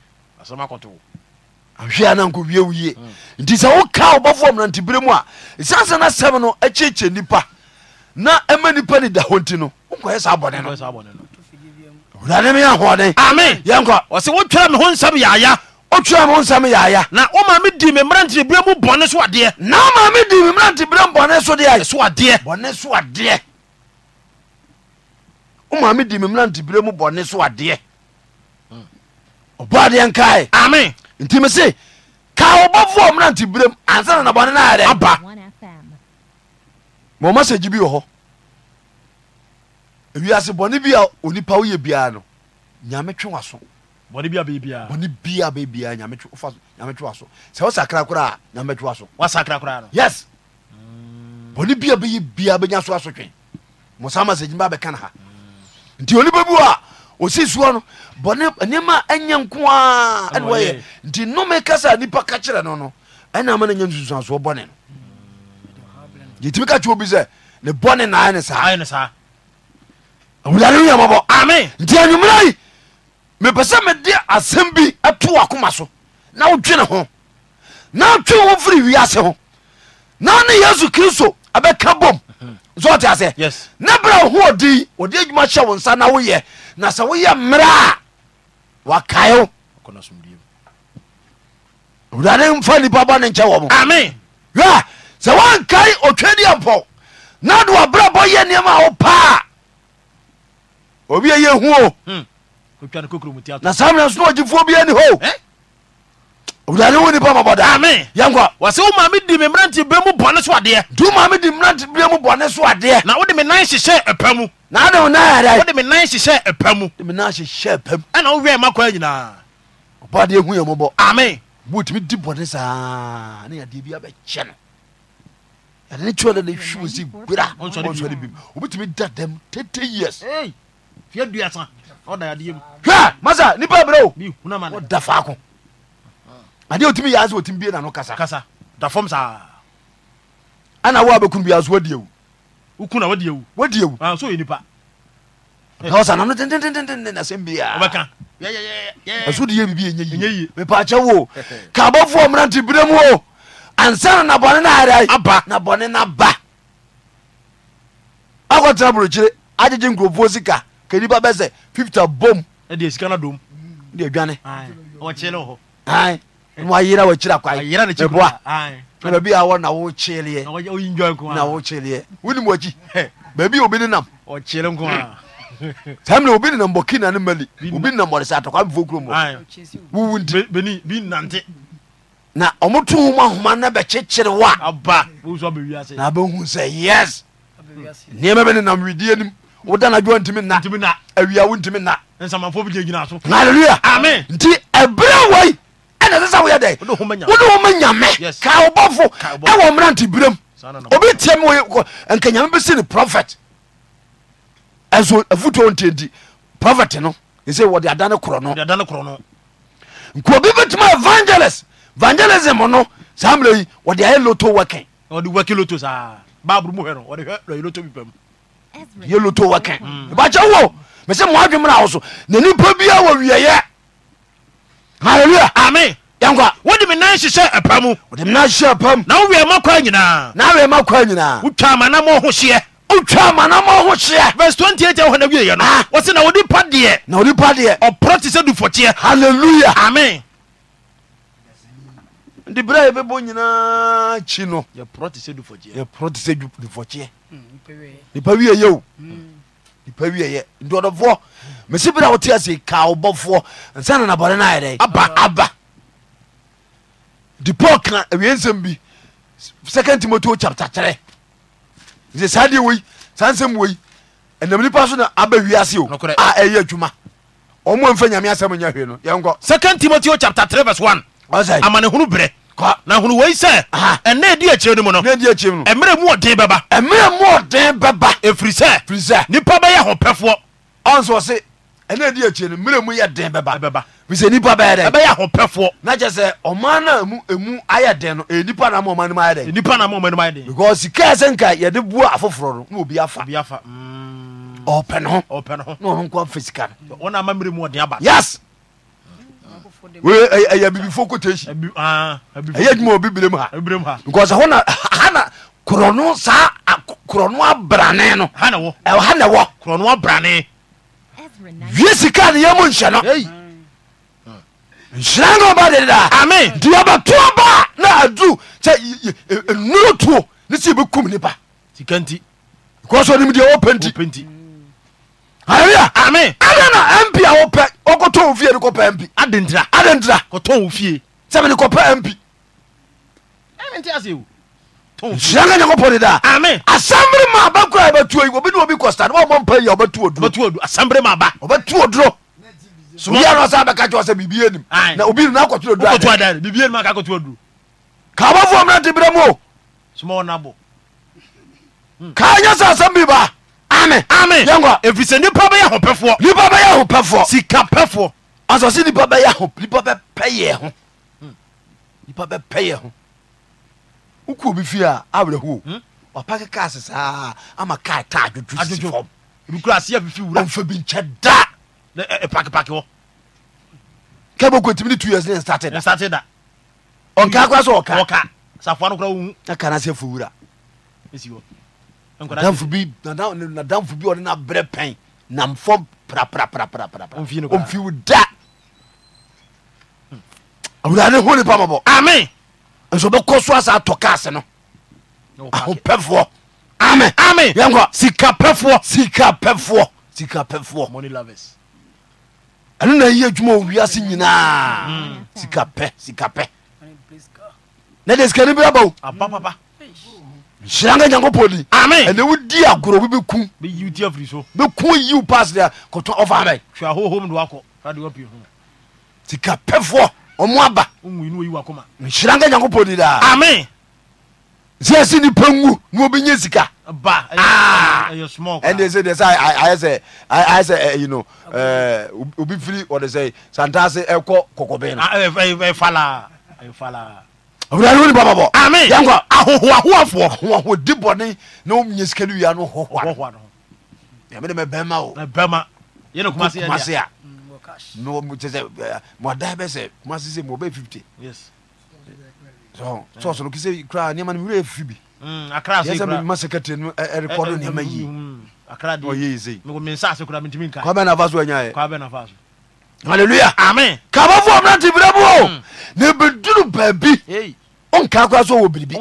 S1: ahwɛ na nkɔ wie wo yie hmm. nti sɛ woka wobɔfoɔ mmerante bere mu a ɛsiasa no asɛm no akyekyɛ nnipa na ɛma nnipa ne da hɔ nti no wonkɔyɛ saa bɔne no wurade me ahoɔden ame yɛnkɔ ɔsɛ wotwerɛ me ho nsɛm yaaya wotwerɛ me nsɛm yaaya na woma me di me mmerante bere mu bɔne so adeɛ na woma me di me mmerante bere mu bɔne so deɛ so adeɛ bɔne so adeɛ woma me di me mmerante bere mu bɔne so adeɛ ɔbɔdeɛ nkae ame nti me se ka wɔbɔfoɔ mmra nte berem ansa na nabɔne no ayɛdɛ aba ma ɔma sɛ gyi bi wɔ hɔ ewiase bɔne bi a onipa woyɛ biara no nyame twe wa so bɔne bia bɛyɛ biara bɔne bia bɛyɛ biara nyame twe wofa nyame twe wa so sɛ wo sakra koraa nyame twe wa so no yes bɔne bia bɛyɛ biara bɛnya so asotwe mo sa ma sɛ gyi bɛka na ha nti onipa bi wɔ a ɔsi sua no bɔɛneɛma anyɛ nko aa ɛnyɛ nti nome ka sa nipa ka kyerɛ no no ɛneama na nya nsunsua soɔbɔne no timi ka khewo bi sɛ ne bɔne naɛ ne saay nti anwumerei mepɛ sɛ mede asɛm bi atowa akoma so na wo twene ho na twene wo feri wi ase ho na ne yesu kristo ɛbɛka bom sɛ ɔte ase na berɛ ho ɔdi ɔde adwuma hyɛ wo nsa na woyɛ na sɛ woyɛ mmerɛ a wakae wo owurade mfa nnipa bɔ ne nkyɛ wɔ mo ame hwɛ sɛ woankae otwadiɛ mpɔ na de wabrabɔ yɛ nneɛma a wo paa obi ɛyɛ hu o hmm. na saa mmerɛ so na ɔgyefoɔ biani ho eh? owurade wo nipa mabɔda ami yɛnkɔ wɔsɛ wo maame di me mmerante bɛ mu bɔne so adeɛ nti wo maame di mmerante bɛ mu bɔne so adeɛ na wode me nan hyehyɛ ɛpa mu na ade wo nan yɛdɛ wode me nan hyehyɛ ɛpa mu de me nan hyehyɛ ɛpa mu ɛna wohwɛ ma kwan nyinaa ɔba deɛ hu yɛ mɔbɔ ami bo tumi di bɔne saa ne yadeɛ bi abɛkyɛ no yɛde ne kyerɛ no ne hwi wo si gbira ɔnsɔre bi obɛtumi da dɛm tete years hwɛ masa nipa berɛ adeɛ otumi yɛ ase otumi bie nano kasa kasa da fam saa ana wo a bɛkunu bi aso wadi ewu wokun na wadi ewu wadi ewu ah so yɛ nipa na ɔsan nanu tententententen na se mbia ɔbɛka ɛso de yɛ bibi yɛ nye yie mipaakyɛ wo kabɔfoɔ mmerante bire mu o ansa na nabɔne na ara aba nabɔne na ba akɔtena burokyire agyegye nkurɔfoɔ sika ka nipa bɛsɛ fifta bom ɛde sika na dom ɛde adwane ɔkyele hɔ wayera wakyira kwaeboa na baabi a wɔ na wo kyeleɛ na wo kyeleɛ wonim wakyi baabi obi ne nam sɛmne obi ne nam bɔkina ne mali obi ne nam ɔde sɛ atakwamfo kurom wowu nti na ɔmoto ho mu ahoma no bɛkyekyere wo a na bɛhu sɛ yes nneɛma bɛne nam wedi anim woda no adwoa ntimi nna awia wo ntimi nna nti ɛberɛ wei ɛna ɛsɛ sɛ woyɛ dɛ wode woma nyame ka wobɔfo ɛwɔ mmerante berɛm obi tiɛ m nka nyame bɛsi ne prophet ɛso afotuo ntinti prophet no ɛsɛ wɔde adane korɔ no nka obi bɛtumi evangelist evangelism no saa mmerɛ yi wɔde ayɛ loto wɔkɛn ɔde waki loto saa baaburu mu hɛ no ɔde loto bi pɛ mu yɛ loto wɔkɛn ìbàjẹ́ wo mɛ sɛ mo adwumuna awo so na bi a wɔ wiyɛ hallelujah amen yankwa wode me nan hyehyɛ ɛpa mu wode me nan hyehyɛ ɛpa mu na wowie ma kwa nyinaa na awɛ ma kwa nyinaa wotwa amana ma ho hyeɛ wotwa amana ma ho hyeɛ verse 28 ɛhɔ na wieɛ no ah. wɔse na wode pa deɛ na wode pa deɛ ɔporɔ te sɛ dufɔkyeɛ hallelujah amen nti berɛ a yɛbɛbɔ nyinaa kyi no yɛporɔ te sɛ dufɔkyeɛ nipa wieyɛ o mm. nipa wieyɛ ntɔdɔfoɔ mesi bira wote ase ka wo bɔfoɔ nsa na nabɔne no ayɛ dɛ aba aba nti paul ka awie bi second timoteo chapter three nti saa deɛ wei saa nsɛm wei ɛnam nipa so na aba wiase o Nokorɛ. a ɛyɛ adwuma ɔmo mfa nyame asɛm nya hwee no yɛnkɔ second timoteo chapter 3 vs 1 Amane amanehunu berɛ Kɔ. na hunu wei sɛ Aha. ɛnɛ ɛdi akyirɛ no mu no na adi akyim no ɛmerɛ mu ɔden bɛba ɛmerɛ mu ɔden bɛba ɛfiri sɛ firi nipa bɛyɛ ahopɛfoɔ ɔnso ɔse ɛna ɛdi akyire no mmerɛ mu yɛ den bɛba bisɛ nipa bɛyɛ dɛ ɛbɛyɛ ahopɛfoɔ na kyɛ sɛ ɔman no a mu emu ayɛ den no ɛyɛ nipa na ma ɔman no mu ayɛ den nipa na ma ɔman no mu ayɛ den because sika ɛsɛ nka yɛde bua afoforɔ no na obi afa obi afa mm. ɔpɛ ne ho ɔpɛ ne ho na ɔno nko afa sika no wɔn a ma mmerɛ mu ɔden aba yes mm. wee ɛyɛ abibifo kotation ɛyɛ adwuma wɔ bibire mu ha bibire mu ha because ɛhɔ na ha na korɔno saa korɔno abrane no ha na wɔ ɛwɔ ha na wɔ korɔno abrane wie sika ne yɛmo nhyɛ no nsyerakadeded nti ybato ba n adu snuroto e, e, ne si yebekumni pa anti bnm dwɔ pɛntiadɛn mpi awpɛ tɔofieɛpidnraosɛbepɛ mpi siranka nyankopɔn de daame asambere ma aba kora ɛbɛtuo yi obi ne obi kɔsta ne wɔmmɔ mpa yi a ɔbɛtuo duro asambere ma aba ɔbɛtuo duro obiara na ɔsa bɛka kyɛ wɔ sɛ biribi anim na obi nuna akɔtuo duro biribi anim aka akɔtuo duro kaabɔfoɔ mmerante berɛ mu o soma ɔnabɔ hmm. kaa nyɛ sɛ asɛm bi ba ame ame yɛnkɔ ɛfiri sɛ nnipa bɛyɛ ahopɛfoɔ nnipa bɛyɛ ahopɛfoɔ sikapɛfoɔ asɔ sɛ nnipa bɛyɛ aho nnipa bɛpɛ yɛ ho hmm. nnipa bɛpɛ yɛ ho wokɔ obi fie a awerɛhoo wapake hmm? kaa se saa ama kaa ta adwodwo si Adwodwo. fam ebi kura ase afifi wura ɔmfa bi nkyɛ da na pakipaki hɔ ka bɛkɔ timi ne two years ne nstate da nsate da ɔnka kora sɛ ɔka ɔka safoa no kora wohu na ka nasɛ fo wura ɛsi hɔ nadamfo bi nadamfo bi a ɔde nabrɛ pɛn namfɔ Ɔmfie no koraa. prapraprapraɔmfiwo da hmm. awurade ho nipa mɔbɔ ame nso bɛkɔ so asa atɔ kase no ahopɛfoɔ amen amen yɛnkɔ sikapɛfoɔ sikapɛfoɔ sikapɛfoɔ money lovers ɛno na ɛyɛ adwuma owiase nyinaa hmm. sikapɛ sikapɛ na de sikani bi aba o apapapa nhyira poli. nyankopɔn ni amen ɛnɛ wodi agorɔ bi bɛku bɛyiw ti afiri so oh. bɛku yiw pass deɛ kɔtɔ ɔfa abɛ hwɛ ahohom de wakɔ radio apii ho sikapɛfoɔ ɔmo aba nhyira nka nyankopɔn di daa ame sɛsi nipa ngu na wɔbɛnya sika ɛnde sɛ deɛ sɛ ayɛ sɛ ayɛ sɛ ɛyi no obi firi ɔde sɛ santase ɛkɔ kɔkɔbɛn no awurade wo nipa bɔbɔ yɛnkɔ ahohoahoafoɔ hoahodi bɔne na wɔnya sika no wia no hohoa no ɛmede mɛbɛma o yɛne kumase a na kyɛ sɛ moadae bɛ sɛ mase sɛ mɔbɛ 50 sɔɔso no kisɛ koraa nneɛma no werɛ fi bi mm, yɛsɛ mema secretary no ɛrekɔdo nneɛma yi ɔyɛsɛkɔbɛ nafa so anyaɛ halleluya kabɔfoɔ mmerante berɛ bi o na bɛduru baabi ɔnkaa kora so wɔ biribi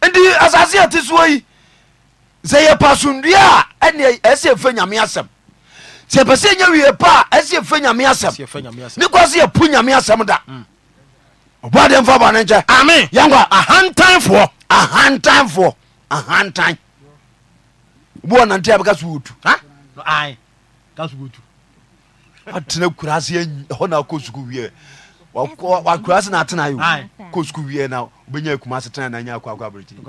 S1: nti asase ɛte soa yi sɛ yɛpa somdua a ɛne ɛsɛ ɛfɛ nyame asɛm sɛ ɛpɛ sɛ ɛnya wie pa a ɛsɛ yɛfɛ nyame asɛm ne kɔ sɛ yɛpo nyame asɛm da mm. ɔboa de mfa bɔne nkyɛ ame yɛnkɔ ahantanfoɔ ahantanfoɔ ahantan obi wɔ nante a bɛka so wɔtu atena kurase hɔ na kɔ suku wie kurase na atena yɛ kɔ suku wie na wobɛnya akuma ase tena nanya akɔ akɔ aberɛkyiri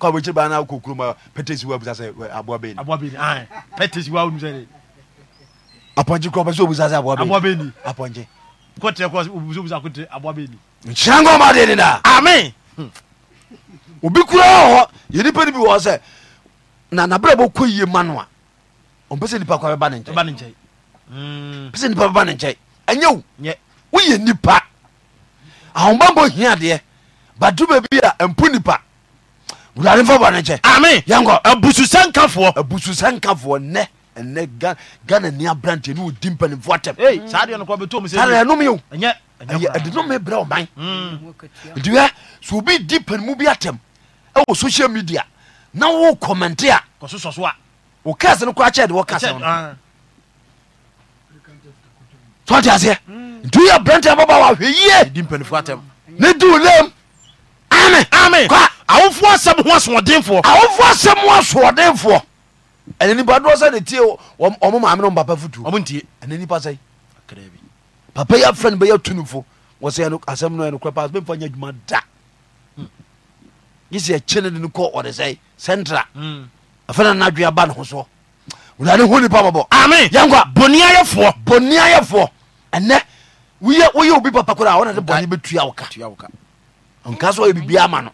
S1: kɔ aberɛkyiri baa na kɔ kuroma pɛtɛsi wa busa sɛ aboa bɛni apɔnkye kɔ ɔbɛsɛ obusa sɛ aboa bɛni apɔnkye kɔtɛ kɔ obusa obusa kɔtɛ aboa bɛni nhyira nkɔ ɔma de ne daa ami obi kura hɔ yɛ nipa ni bi wɔ sɛ na nabere bɔ kɔ yie ma no a ɔmpɛ sɛ nipa kɔ bɛba ne nkyɛn pɛ sɛ nipa bɛba ne nkyɛn ɛnyɛ wo woyɛ nipa ahobanbɔ hia adeɛ baduma bi a mpo nipa wurade mfa bɔ ne nkyɛn ami yɛnkɔ abususankafoɔ abususankafoɔ nɛ ɛnɛ ghana ni aberanteɛ ne wɔdi mpanimfoɔ atɛm saa deɛ nokɔ bɛtɔ mu sɛ ɛnom yɛo ɛnyɛ ɛde no mebrɛ ɔman mm. nti hɛ sɛ obi di panimu bi atɛm ɛwɔ social media na wo kɔmmɛnte a kɔsosɔ so a wo kase no korakyɛ de wɔkasɛ no ah. sɔte aseɛ mm. nti woyɛ aberanteɛ bɛba wahwɛ yie mpanimfoɔ atɛm ne di wo nam ame awofoɔ asɛm ho asoɔdenfoɔ awofoɔ asɛm ho asoɔdenfoɔ ɛne nipa doɔ sɛ ne tie ɔmo maame no mpapa futuo ɛne nipa sɛ papa yi afrɛ no bɛyɛ tunufo wɔ sɛ asɛm no ɛnokora pa bɛmfa nya adwuma da gye ɛkye no de no kɔ ɔde sɛ sɛntra afɛ no nadwea ba ne ho soɔ wurade ho nipa bɔbɔ ame yɛnkwa bɔne ayɛfoɔ bɔne ayɛfoɔ ɛnɛ woyɛ woyɛ obi papa koraa wɔna de bɔne bɛtua wo ka nka sɛ ɔyɛ bibia ama no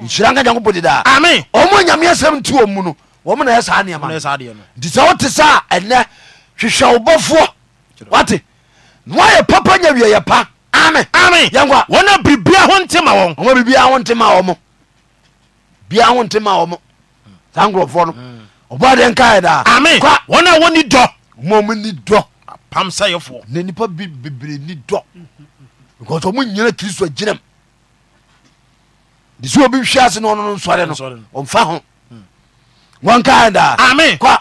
S1: nhyira nka nyankopɔn dedaa ame ɔmo nyameɛ sɛm nti ɔ mu no wɔm na ɛsaa nneɛma nti sɛ wote saa ɛnɛ hwehwɛ wobɔfoɔ wate na woayɛ papa nya wieyɛ pa ame ame yɛnkwa wɔna biribia ho ntema wɔn ɔma biribia ho ntema wɔ mo bia ho ntema wɔ mo saa nkurɔfoɔ no hmm. ɔbɔa deɛ nkaɛ daa ame kwa wɔn a wɔni dɔ ma ɔmo ni dɔ apam sɛyɛfoɔ na nipa bebree ni dɔ because ɔmo nyina kristo agyinam de sɛ obi hwɛ ase na ɔno no nsɔre no ɔmfa ho wkadaa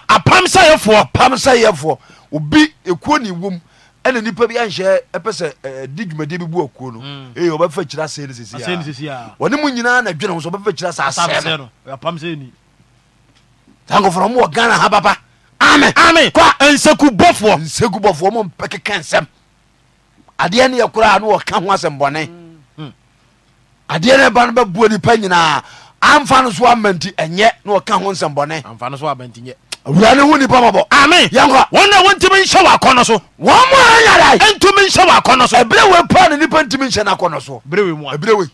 S1: apam sɛ yɛfoɔ apamisa sɛ yɛfoɔ obi ɛkuo ne wom ɛna nipa bi anhyɛ ɛpɛ sɛ di dwumadeɛ bi bu akuo no ɛyɛ mm. wɔbɛfa kyira asɛe no sesiaa wɔne mu nyinaa na dwene ho so wɔbɛfa kyira sɛ asɛ no sankɔfoɔ ɔmowɔ ghana ha papa ame ame kɔ nsɛkubɔfoɔ nsɛkubɔfoɔ mo mpɛ keka nsɛm adeɛ no yɛ koraa na wɔka ho asɛmbɔne mm. mm. adeɛ no ɛba no bɛbua nipa nyinaa amfa no so ama nti ɛnyɛ na ɔka ho nsɛmbɔne awura ne ho nipa mɔbɔ ami yɛnkɔ wɔn na wɔntumi nhyɛ wɔ akɔnɔ so wɔn mu anyada yi ntumi nhyɛ wɔ akɔnɔ so ɛbere wei pa na nipa ntumi nhyɛ no akɔnɔ so ɛbere wei mu a ɛbere wei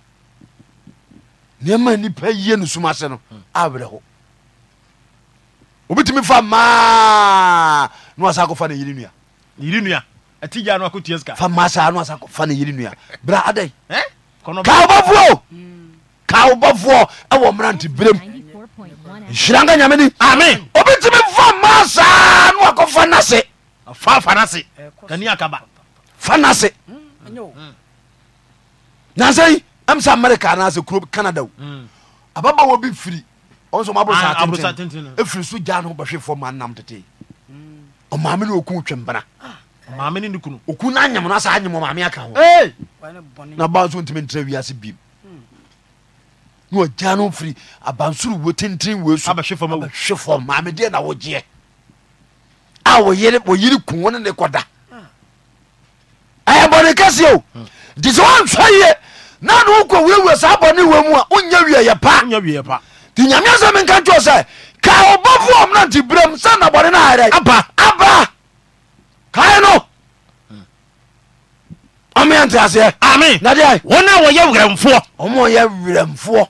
S1: nneɛma nipa yie no suma se no hmm. awerɛ hɔ obitumi fa maa na wasa akɔfa ne yiri nua yiri nua ɛti gya no akɔ tie sika fa maa saa na wasa akɔfa ne yiri nua bra adai kaa ɔbɛfuo ka wobɔfoɔ ɛwɔ mmerante berem nhyira nka nyame ni amen obitumi fa ma saa ne wakɔfa nase fa fa nase kani akaba ɛm sɛ amerika anaasɛ kuro canada o mm. ababa wɔ bi firi ɔnso ma abosa ah, tenten ɛfiri so gya no bɛhwe fɔ ma nam tete ɔmaame ne ɔku twembana ɔmaame ne ne kunu ɔku no anyam anyam ɔmaame aka ho na ba nso ntimi ntra wiase bim na ɔgya no firi abansoro wo tenten wei so abɛhwe fam awu. fam maame deɛ na wogyeɛ a wɔyere wɔyere kun wɔn ne kɔda ɛyɛ bɔnne kɛseɛ o nti sɛ wɔnsɔ yie na ne wokɔ wiawia saa bɔne mu a wonyɛ wie yɛ paa nya wiɛ pa nti nyame asɛ menka nkyɛw sɛ ka ɔbɔfoɔ ɔm nante berɛm sɛ na bɔne no ayɛdɛ Aba. aba kae no ɔmeɛ nte aseɛ ame na deɛ wɔn a wɔyɛ werɛmfoɔ ɔma ɔyɛ werɛmfoɔ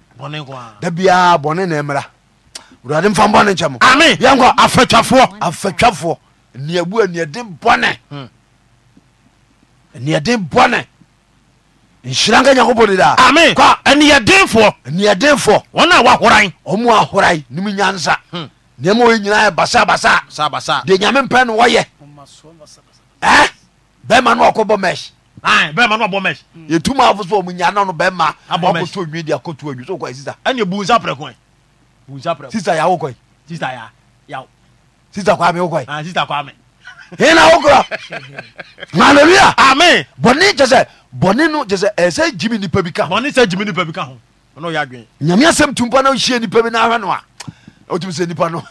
S1: dabiaa bɔne na mmra wurade mfa mbɔne nkyɛ mo ami yɛnkɔ afatwafoɔ afatwafoɔ niabu a niaden bɔne niaden bɔne nhyira nka nyankopɔn de daa ami kɔ aniadenfoɔ aniadenfoɔ wɔn a wahoran ɔmo ahoran nim nyansa hmm. nneɛma wɔyɛ nyinaa yɛ basabasa de nyame mpɛ no wɔyɛ ɛ bɛrima no ɔkɔbɔ mesh bɛrima no abɔ mesh hmm. yɛtu ma afo so ɔmu nyana no bɛrima Abɔ mesh. ɔkoto onwi de akoto onwi so kɔe sisa ɛne bu nsa prɛ koe bu nsa prɛ sisa yɛ awokɔe sista ya yaw sisa kwa me wokɔe sista kwa me
S2: hena wokora
S1: hallelujah ame bɔne kyɛ eh, sɛ bɔne no kyɛ sɛ ɛsɛ gyimi nipa bi ka ho bɔne sɛ gyimi nipa bi ka ho ɔne ɔyɛ adwen nyame asɛm tumpa na wohyia nipa bi na ahwɛ no a wotumi ah, sɛ nipa no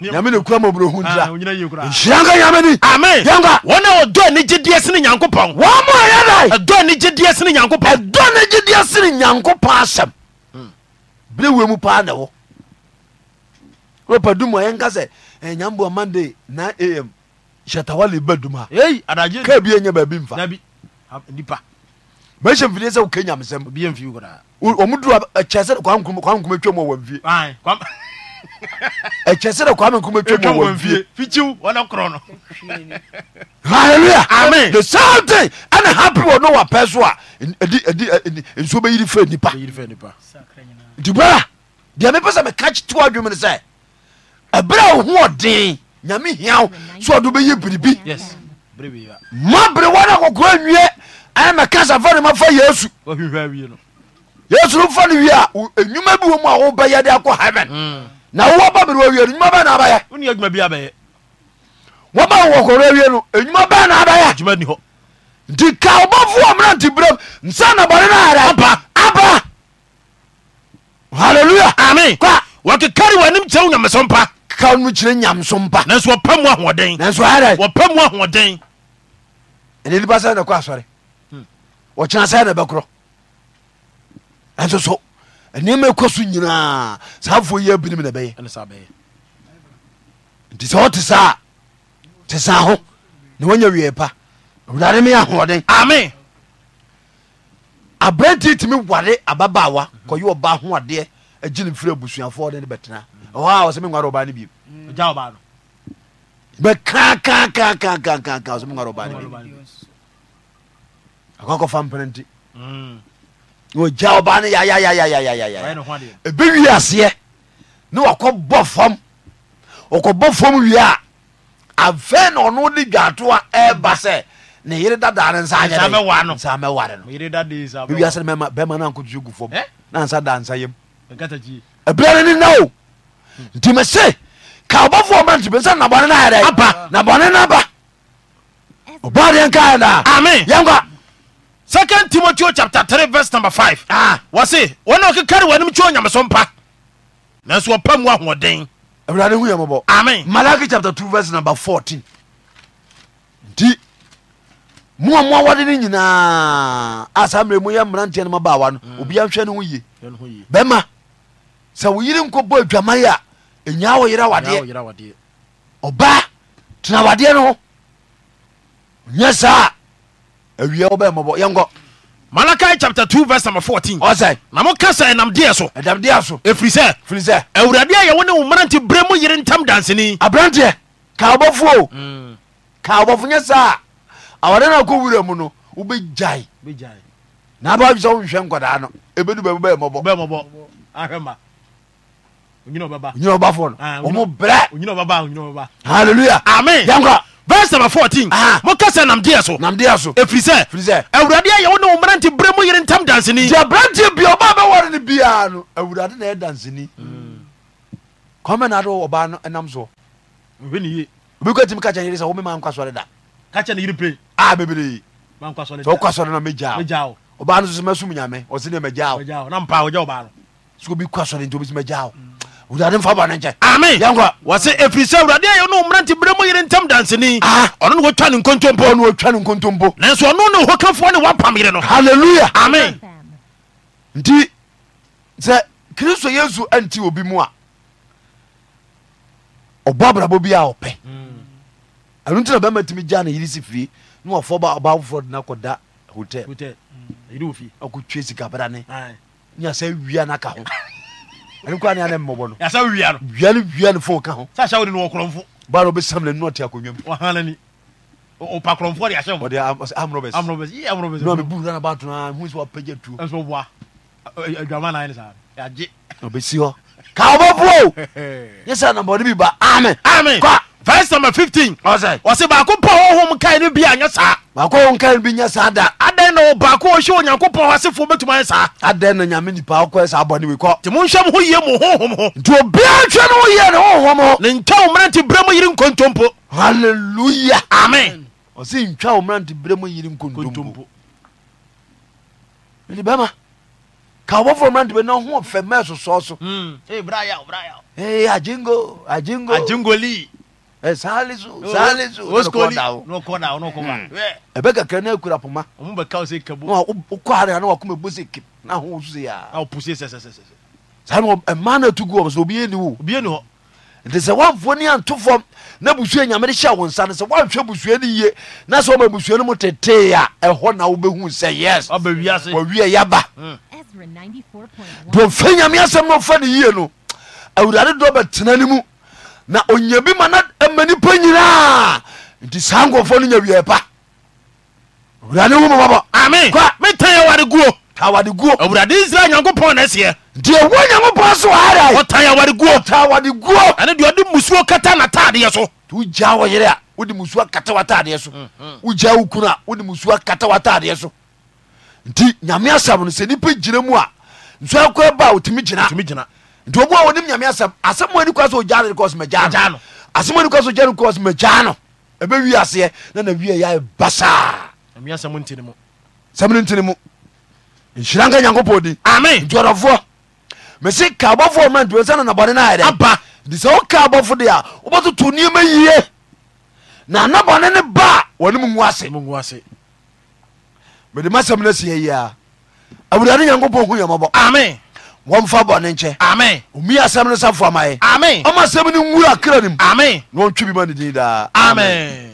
S1: nyame ne kura mɔborɔhu ntia nhyira nka nyame ni yɛnka wɔn a wɔdɔ ne gyedeɛ sene nyankopɔn wɔn yɛda ɛdɔ ne gyedeɛ sene nyankopɔn ɛdɔ ne gyedeɛ sene nyankopɔn asɛm bere wei mu paa na ɛwɔ wɔpa dum yɛnka sɛ nyamboa monday 9 am hyɛtawale ba dum ha ka bia nya baabi mfa mɛhyɛ mfidie sɛ woka nyamesɛm wɔn duro ɛkyɛ sɛ kwame nkrumah twɛ mu wɔ nfie ɛkyɛ sɛ kwame nkrumah twɛ mu wɔ nfie fikiw wɔn korɔ no hallelujah amen the same thing ɛna happy wɔ no wa pɛ so a ɛdi ɛdi nsuo bɛ yiri fɛ nipa nti bɛɛ deɛ mi pɛ sɛ mi ka kyi tiwa adwuma ni sɛ ɛbɛrɛ ohun ɔden nyame hiaw so ɔdo bɛyɛ biribi ma bere wɔn akɔkora nwie ɛna kasa fɔ ne ma fɔ yesu yesu mfa no wie a nnwuma bi wɔ mu a wobɛyɛ de akɔ heaven hmm. na wowɔ ba bere wawie no nnwuma bɛ na abɛyɛ wone adwuma bi abɛyɛ wɔba wowɔ kɔrɔ awie no nnwuma bɛ na abɛyɛ adwuma ni hɔ nti ka wobɔfo wɔ mmra nte berɛm nsa na bɔne no ara aba aba halleluya ame kwa wɔkekare w'anim kyɛw nyamesɔ mpa ka no kyerɛ nyamso mpa nanso wɔpa mu ahoɔden nanso ɛdɛ wɔpa mu ahoɔden ɛne nipa sɛ na kɔ asɔre hmm. wɔkyena sɛ na bɛkorɔ ɛnso so nnoɛma ɛkɔ so nyinaa saa afoɔ yi abinim na ɛbɛyɛ nti sɛ wote saa te saa ho na wanya wie pa awurade me ahoɔden ame aberante tumi ware ababaawa kɔyɛ ɔba ho adeɛ agyi ne mfiri abusuafoɔ de ne bɛtena ɛhɔ a ɔsɛ menware ɔbaa no bio bɛkakakakakakaka ɔsɛ menware ɔbaa no bio akɔkɔfa mpenante mm wogya ɔba no yayayayayayaya ɛbɛwi aseɛ ne wakɔbɔ fam wɔkɔbɔ fam wie a afei na ɔno de dwaatoa ɛba sɛ ne yere dadaa no nsa mɛware nowiase no bɛma no ankɔtwɛ gu fam na ansa da nsa yam ɛberɛ no ne na o nti mese ka ɔbɔfoɔ ma nti bɛsɛ nabɔne no ayɛdɛ nabɔne no aba ɔbaadeɛ nkaɛdaa yɛnkwa second timoteo chapter 3 verse number 5 ah. wɔse wɔne ɔkekare w'anom kyɛ onyameso mpa nanso wɔpa mu ahoɔden awurade hu yɛmɔbɔ amen malaki chapter 2 verse number 14 nti moa moa wɔde no nyinaa asa mmerɛ mu yɛ mmeranteɛ no mabaawa no obia nhwɛ no ho ye bɛma sɛ wo yere nkɔbɔ adwaman a ɛnya wo yerɛ wadeɛ ɔbaa tena wadeɛ no ho nyɛ saa awia wobɛ mmɔbɔ yɛnkɔ malakai chapter two verse number fourteen. ɔsɛ na moka sɛ ɛnam deɛ so ɛdam deɛ so ɛfiri sɛ firi sɛ awurade a yɛwo ne wo mmerante berɛ mu yere ntam danseni aberanteɛ ka wobɔfoɔ ka wobɔfo nyɛ saa awade no akɔ wura mu no wobɛgyae na ba sɛ wohwɛ nkɔdaa no ɛbɛdu bɛ bɛyɛ mmɔbɔ nyina ɔbafoɔ no ah, ɔmo brɛ halleluya amen yɛnkɔ vers nab 14 moka sɛ namdeɛ so namdeɛ so ɛfiri sɛ awurade ayɛwo ne wo mmara nte berɛ mu yere ntam danseni gyɛ berante bia ɔba bɛwɔre no biaa no awurade na ɛyɛ danseni mm. kɔmɛ na ade ɔba no ɛnam soɔ obi kɔ timi ka kyɛ yere sɛ womema nkwa sɔre da ka kyɛ ne yere pre a bebree sɛ wokɔ sɔre no mɛgyaa ɔba no so sɛ masum nyame ɔsene mɛgyaa wo sɛ obi kɔ sɔre nti obi sɛ mɛgyaa wo mm wurade mfa bɔne nkyɛ ame yɛnkɔ wɔse ɛfiri sɛ awurade a yɛne mmerante berɛ mu yere ntam danseni ah. ɔno ne wɔtwa ne nkontompo ne wɔtwa ne nkontompo nanso ɔno ne hɔkafoɔ ne woapam yere no halleluya ame nti sɛ kristo yesu anti obi mu a ɔbɔ abrabɔ bi a ɔpɛ mm. ɛno nti na bɛma tumi gya ne yere si fie na wɔfɔ ba ɔba foforɔ de no akɔda hotel akɔtwe mm. sikabrane nyasɛ wia no aka ho ɛne kora ne ana mmɔbɔ no yasa wia no wia no wia no fon ka ho sɛ ahyɛ wode no wɔ korɔmfo ba na wobɛsam nani na ɔte akɔnwam ɔhanani ɔpa korɔmfo de ahyɛ ɔde amrobes amrobes yi amrobes na mebu wura na ba to na hu sɛ wapagya tuo ɛnso boa adwama nan ne saa yagye ɔbɛsi hɔ ka wobɛbuo nyɛ sɛ nambɔde bi ba amen amen kɔ verse number fifteen. ọsẹ. ọsẹ baako pọ ọhún kan ni bi a nyɛ saa. baako ọhún kan bi nyɛ saa da. adan na baako ɔhyɛ onyanko pɔn asefo bɛtuma yɛ saa. adan na nyame nipa akɔ yɛ saa bɔ ne wi kɔ. tèmi nhwɛ mu ho yie mu honhom ho. nti obiara twɛ ne ho yie ne honhom ho. ne ntɛn omena ti bere mu yiri nkontompo. hallelujah. amen. ɔsɛ ntwa omena ti bere mu yiri nkontompo. ɛni bɛɛ ma kàwọ́fọ̀ mìíràn tìbẹ̀ náà hún ọ̀fẹ́ mẹ́ẹ̀sọ̀sọ̀ so. Hmm. ee ajingo ajingo. Ajingoli salisu salisu ɛbɛ kakra anto fam na eh, busua nyame hyɛ wo nsa no sɛ woanhwɛ busua no yie na sɛ woma busua no mu tetee a ɛhɔ na wobɛhu sɛ yes wawie yɛba hmm. dɔmfa nyame asɛm no ɔfa no yie no awurade dɔ bɛtena no mu na onya bi ma na ma nipa nyinaa nti saa nkɔfoɔ no nya wie pa wurade hu mɔbɔbɔ ami kɔ metan wari guo ta wari guo awurade israel nyankopɔn na ɛseɛ deɛ wo nyankopɔn so ara ɔtan wari guo ta wari guo ɛne deɛ ɔde musuo kata na nataadeɛ so tu wogya wɔ yere a o wode musuo akata watadeɛ so hmm, hmm. wogya wo kunu a wode musuo akata watadeɛ so nti nyame asɛm no sɛ nipa gyina mu a nso akɔ ba wotumi gyina nti obu a wonim nyame asɛm asɛm ani kwa sɛ ogya ne kɔs magya no asɛm ani kwa sɛ ogya ne kɔs magya no ɛbɛwi aseɛ na na wie yɛ basaa sɛm no ntini mu nhyira nka nyankopɔn din ame ntiɔdɔfoɔ mese ka abɔfoɔ ma ntumi sɛ nanabɔne no ayɛdɛ aba nti sɛ woka abɔfo de a wobɛtoto nneɛma yie na anabɔne ne ba a wɔne mu ngu ase mede masɛm no asiɛ yie a awurade nyankopɔn hu yɛmɔbɔ ame wɔmfa ne nkyɛ ame omi asɛm no sa foama yɛ ame ɔma asɛm no nwura kra nim ame na ɔntwi bi ma ne din daa amen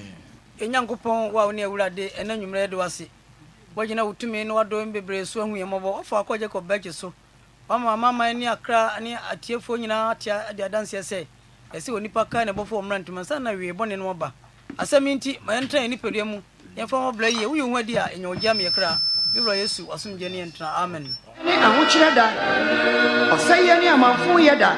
S2: ɛnyankopɔn wa wo ne awurade ɛna nwummerɛ de wase woagyina wo tumi na wadɔ m bebree so ahu yɛmmɔbɔ ɔfa akɔ gye kɔ bɛgye so wama amaman ne akra ne atiefoɔ nyinaa atia de adanseɛ sɛ ɛsɛ onipa ka ne bɔfo ɔmmra ntoma nsa na wie bɔne no ɔba asɛm nti ma yɛntra yɛ nipadua mu yɛmfa mɔbrɛ yie woyɛ hu adi a ɛnya ɔgyea meyɛ kra bibra yesu asomgye ne yɛntena amen ne ahokyerɛ da ɔsɛeɛ ne amanfo yɛ da